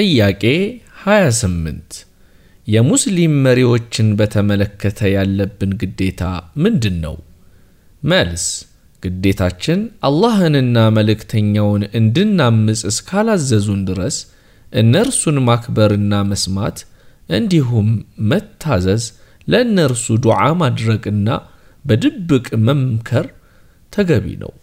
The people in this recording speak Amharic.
ጥያቄ 28 የሙስሊም መሪዎችን በተመለከተ ያለብን ግዴታ ምንድን ነው? መልስ ግዴታችን አላህንና መልእክተኛውን እንድናምፅ እስካላዘዙን ድረስ እነርሱን ማክበርና መስማት እንዲሁም መታዘዝ፣ ለእነርሱ ዱዓ ማድረግና በድብቅ መምከር ተገቢ ነው።